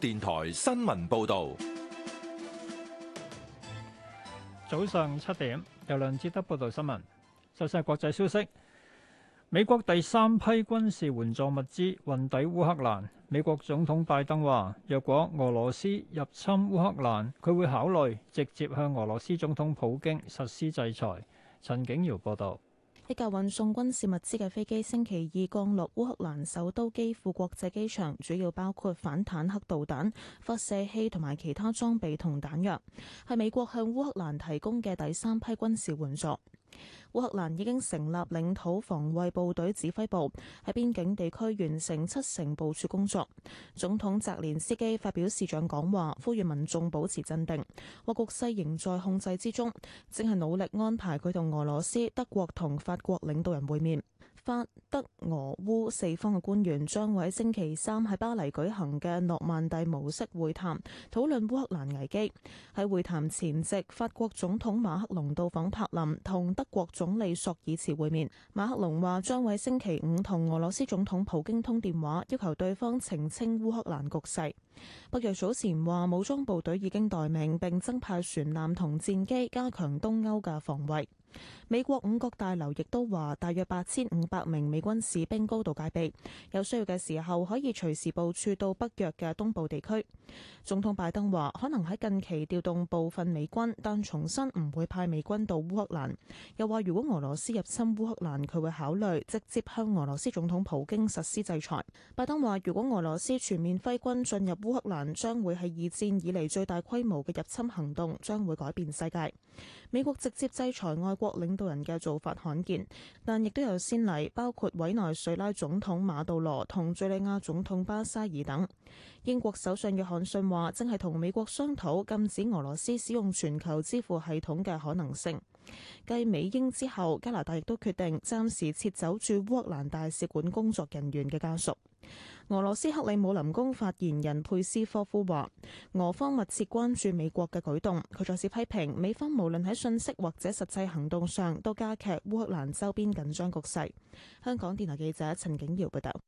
電台新聞報道，早上七點，由梁志德報道新聞。首先係國際消息，美國第三批軍事援助物資運抵烏克蘭。美國總統拜登話，若果俄羅斯入侵烏克蘭，佢會考慮直接向俄羅斯總統普京實施制裁。陳景堯報道。一架運送軍事物資嘅飛機星期二降落烏克蘭首都基輔國際機場，主要包括反坦克導彈、發射器同埋其他裝備同彈藥，係美國向烏克蘭提供嘅第三批軍事援助。烏克蘭已經成立領土防衛部隊指揮部，喺邊境地區完成七成部署工作。總統澤連斯基發表市長講話，呼籲民眾保持鎮定，話局勢仍在控制之中，正係努力安排佢同俄羅斯、德國同法國領導人會面。法德俄烏四方嘅官員將會星期三喺巴黎舉行嘅諾曼底模式會談，討論烏克蘭危機。喺會談前夕，法國總統馬克龍到訪柏林，同德國總理朔爾茨會面。馬克龍話將會星期五同俄羅斯總統普京通電話，要求對方澄清烏克蘭局勢。北約早前話武裝部隊已經待命，並增派船艦同戰機加強東歐嘅防衛。美國五角大樓亦都話，大約八千五百名美軍士兵高度戒備，有需要嘅時候可以隨時部署到北約嘅東部地區。總統拜登話，可能喺近期調動部分美軍，但重申唔會派美軍到烏克蘭。又話如果俄羅斯入侵烏克蘭，佢會考慮直接向俄羅斯總統普京實施制裁。拜登話，如果俄羅斯全面揮軍進入烏克蘭，將會係二戰以嚟最大規模嘅入侵行動，將會改變世界。美國直接制裁外國領導人嘅做法罕見，但亦都有先例，包括委內瑞拉總統馬杜羅同敍利亞總統巴沙爾等。英國首相約翰遜話，正係同美國商討禁止俄羅斯使用全球支付系統嘅可能性。繼美英之後，加拿大亦都決定暫時撤走駐烏克蘭大使館工作人員嘅家屬。俄羅斯克里姆林宮發言人佩斯科夫話：俄方密切關注美國嘅舉動。佢再次批評美方無論喺信息或者實際行動上，都加劇烏克蘭周邊緊張局勢。香港電台記者陳景堯報道。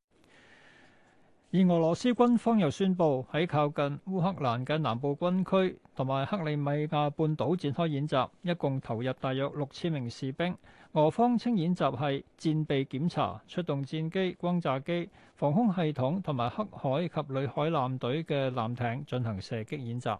而俄羅斯軍方又宣布喺靠近烏克蘭嘅南部軍區同埋克里米亞半島展開演習，一共投入大約六千名士兵。俄方稱演習係戰備檢查，出動戰機、轟炸機、防空系統同埋黑海及里海艦隊嘅艦艇進行射擊演習。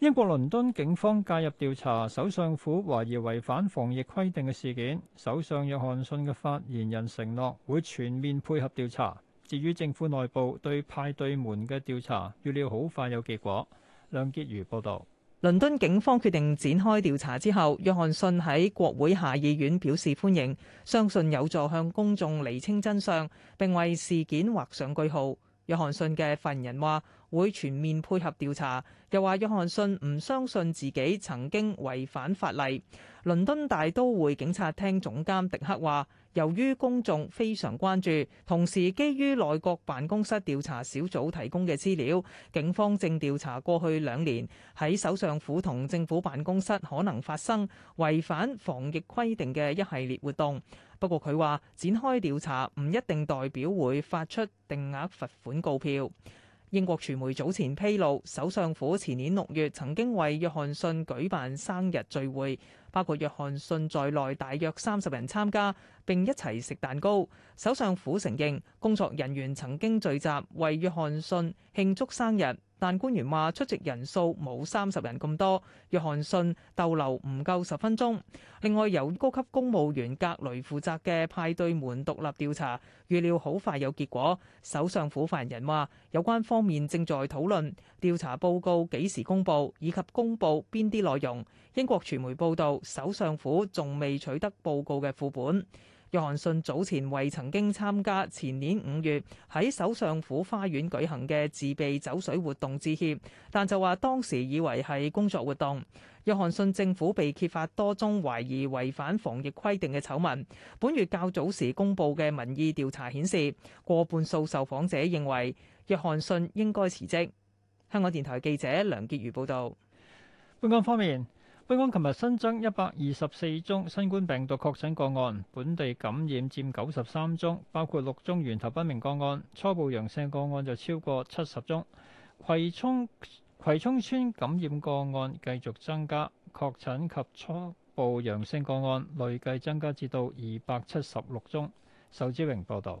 英國倫敦警方介入調查首相府懷疑違反防疫規定嘅事件。首相約翰遜嘅發言人承諾會全面配合調查。至於政府內部對派對門嘅調查，預料好快有結果。梁潔如報導，倫敦警方決定展開調查之後，約翰遜喺國會下議院表示歡迎，相信有助向公眾釐清真相，並為事件畫上句號。約翰遜嘅發言人話，會全面配合調查，又話約翰遜唔相信自己曾經違反法例。倫敦大都會警察廳總監迪克話，由於公眾非常關注，同時基於內閣辦公室調查小組提供嘅資料，警方正調查過去兩年喺首相府同政府辦公室可能發生違反防疫規定嘅一系列活動。不過佢話，展開調查唔一定代表會發出定額罰款告票。英國傳媒早前披露，首相府前年六月曾經為約翰遜舉辦生日聚會，包括約翰遜在內大約三十人參加，並一齊食蛋糕。首相府承認工作人員曾經聚集為約翰遜慶慶祝生日。但官員話出席人數冇三十人咁多，約翰遜逗留唔夠十分鐘。另外，由高級公務員格雷負責嘅派對門獨立調查預料好快有結果。首相府發言人話有關方面正在討論調查報告幾時公佈，以及公佈邊啲內容。英國傳媒報道，首相府仲未取得報告嘅副本。約翰遜早前為曾經參加前年五月喺首相府花園舉行嘅自備酒水活動致歉，但就話當時以為係工作活動。約翰遜政府被揭發多宗懷疑違反防疫規定嘅醜聞。本月較早時公布嘅民意調查顯示，過半數受訪者認為約翰遜應該辭職。香港電台記者梁潔如報道。本港方面。本港琴日新增一百二十四宗新冠病毒確診個案，本地感染佔九十三宗，包括六宗源頭不明個案。初步陽性個案就超過七十宗。葵涌葵涌村感染個案繼續增加，確診及初步陽性個案累計增加至到二百七十六宗。仇志榮報導。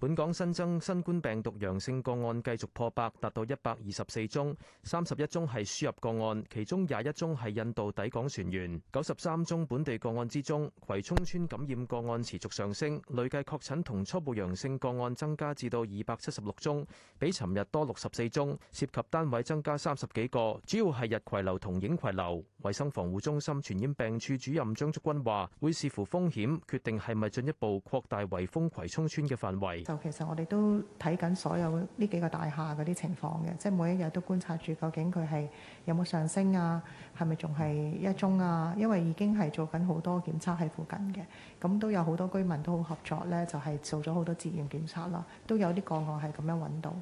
本港新增新冠病毒陽性個案繼續破百，達到一百二十四宗，三十一宗係輸入個案，其中廿一宗係印度抵港船員，九十三宗本地個案之中，葵涌村感染個案持續上升，累計確診同初步陽性個案增加至到二百七十六宗，比尋日多六十四宗，涉及單位增加三十幾個，主要係日葵樓同影葵樓，衛生防護中心傳染病處主任張竹君話：會視乎風險，決定係咪進一步擴大圍封葵涌村嘅範圍。其實我哋都睇緊所有呢幾個大廈嗰啲情況嘅，即係每一日都觀察住究竟佢係有冇上升啊，係咪仲係一宗啊？因為已經係做緊好多檢測喺附近嘅，咁都有好多居民都好合作咧，就係、是、做咗好多自願檢測啦，都有啲個案係咁樣揾到。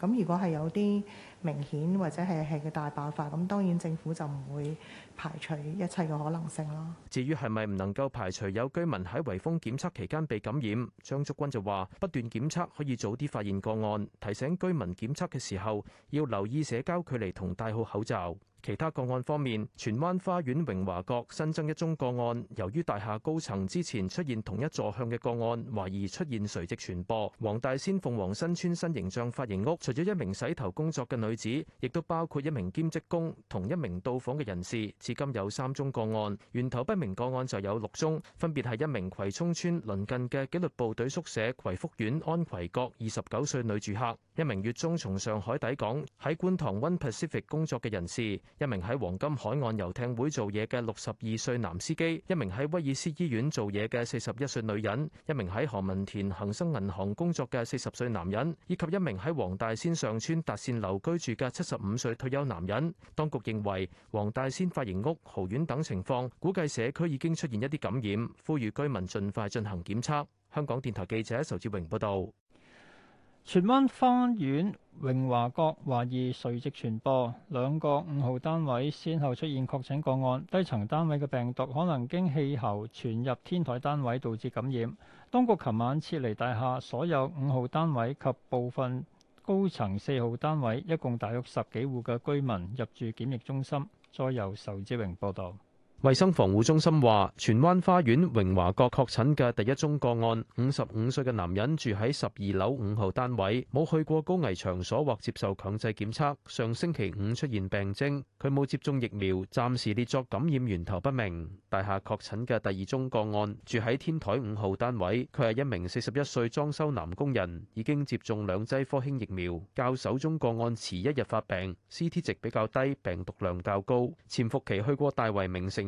咁如果係有啲明顯或者係係個大爆發，咁當然政府就唔會排除一切嘅可能性咯。至於係咪唔能夠排除有居民喺圍封檢測期間被感染，張竹君就話：不斷檢測可以早啲發現個案，提醒居民檢測嘅時候要留意社交距離同戴好口罩。其他個案方面，荃灣花園榮華閣新增一宗個案，由於大廈高層之前出現同一座向嘅個案，懷疑出現垂直傳播。黃大仙鳳凰新村新形象髮型屋，除咗一名洗頭工作嘅女子，亦都包括一名兼職工同一名到訪嘅人士，至今有三宗個案。源頭不明個案就有六宗，分別係一名葵涌村鄰近嘅紀律部隊宿舍葵福苑安葵閣二十九歲女住客。一名月中從上海抵港喺觀塘 One Pacific 工作嘅人士，一名喺黃金海岸遊艇會做嘢嘅六十二歲男司機，一名喺威爾斯醫院做嘢嘅四十一歲女人，一名喺何文田恒生銀行工作嘅四十歲男人，以及一名喺黃大仙上村達善樓居住嘅七十五歲退休男人。當局認為黃大仙髮型屋、豪苑等情況，估計社區已經出現一啲感染，呼籲居民盡快進行檢測。香港電台記者仇志榮報道。荃灣花園榮華閣懷疑垂直傳播，兩個五號單位先後出現確診個案，低層單位嘅病毒可能經氣候傳入天台單位，導致感染。當局琴晚撤離大廈所有五號單位及部分高層四號單位，一共大約十幾戶嘅居民入住檢疫中心。再由仇志榮報導。衛生防護中心話，荃灣花園榮華閣確診嘅第一宗個案，五十五歲嘅男人住喺十二樓五號單位，冇去過高危場所或接受強制檢測，上星期五出現病徵，佢冇接種疫苗，暫時列作感染源頭不明。大廈確診嘅第二宗個案，住喺天台五號單位，佢係一名四十一歲裝修男工人，已經接種兩劑科興疫苗，較首宗個案遲一日發病，CT 值比較低，病毒量較高，潛伏期去過大圍名城。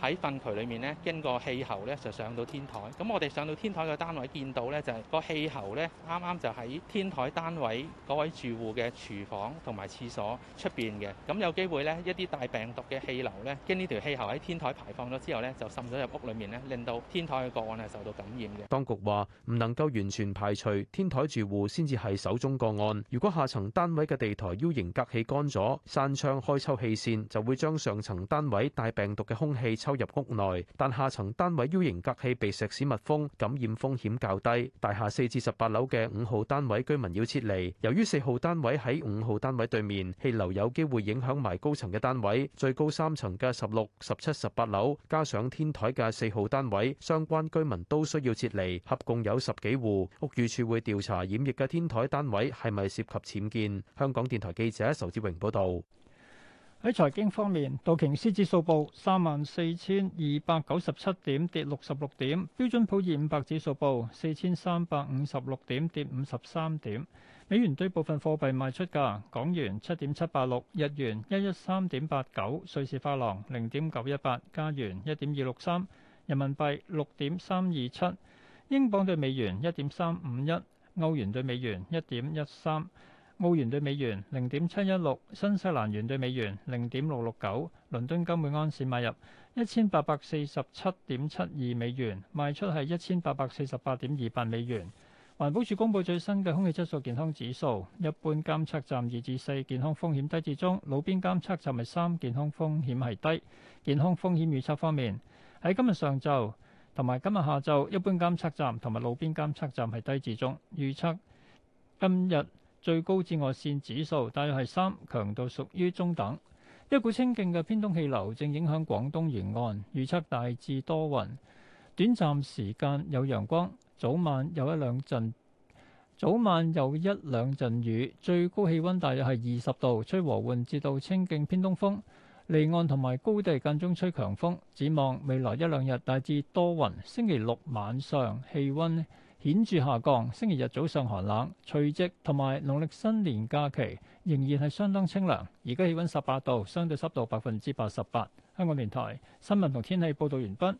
喺糞渠裏面咧，經過氣喉咧，就上到天台。咁我哋上到天台嘅單位見到呢，就係、是、個氣喉咧，啱啱就喺天台單位嗰位住戶嘅廚房同埋廁所出邊嘅。咁有機會呢，一啲帶病毒嘅氣流呢，經呢條氣喉喺天台排放咗之後呢，就滲咗入屋裏面咧，令到天台嘅個案係受到感染嘅。當局話唔能夠完全排除天台住戶先至係首宗個案。如果下層單位嘅地台 U 型隔氣乾咗、散窗開抽氣扇，就會將上層單位帶病毒嘅空氣。抽入屋內，但下層單位 U 型隔氣被石屎密封，感染風險較低。大廈四至十八樓嘅五號單位居民要撤離。由於四號單位喺五號單位對面，氣流有機會影響埋高層嘅單位。最高三層嘅十六、十七、十八樓，加上天台嘅四號單位，相關居民都需要撤離，合共有十幾戶。屋宇署會調查染疫嘅天台單位係咪涉及僭建。香港電台記者仇志榮報道。喺財經方面，道瓊斯指數報三萬四千二百九十七點，跌六十六點；標準普爾五百指數報四千三百五十六點，跌五十三點。美元對部分貨幣賣出價：港元七點七八六，日元一一三點八九，瑞士法郎零點九一八，加元一點二六三，人民幣六點三二七，英鎊對美元一點三五一，歐元對美元一點一三。澳元兌美元零點七一六，16，新西蘭元兌美元零點六六九，倫敦金每盎司買入一千八百四十七點七二美元，賣出係一千八百四十八點二八美元。環保署公布最新嘅空氣質素健康指數，一般監測站二至四健康風險低至中，路邊監測站係三，健康風險係低。健康風險預測方面，喺今日上晝同埋今日下晝，一般監測站同埋路邊監測站係低至中，預測今日。最高紫外線指數大約係三，強度屬於中等。一股清勁嘅偏東氣流正影響廣東沿岸，預測大致多雲，短暫時間有陽光，早晚有一兩陣，早晚有一兩陣雨。最高氣温大約係二十度，吹和緩至到清勁偏東風，離岸同埋高地間中吹強風。展望未來一兩日大致多雲，星期六晚上氣温顯著下降。星期日早上寒冷，除夕同埋農曆新年假期仍然係相當清涼。而家氣溫十八度，相對濕度百分之八十八。香港電台新聞同天氣報導完畢。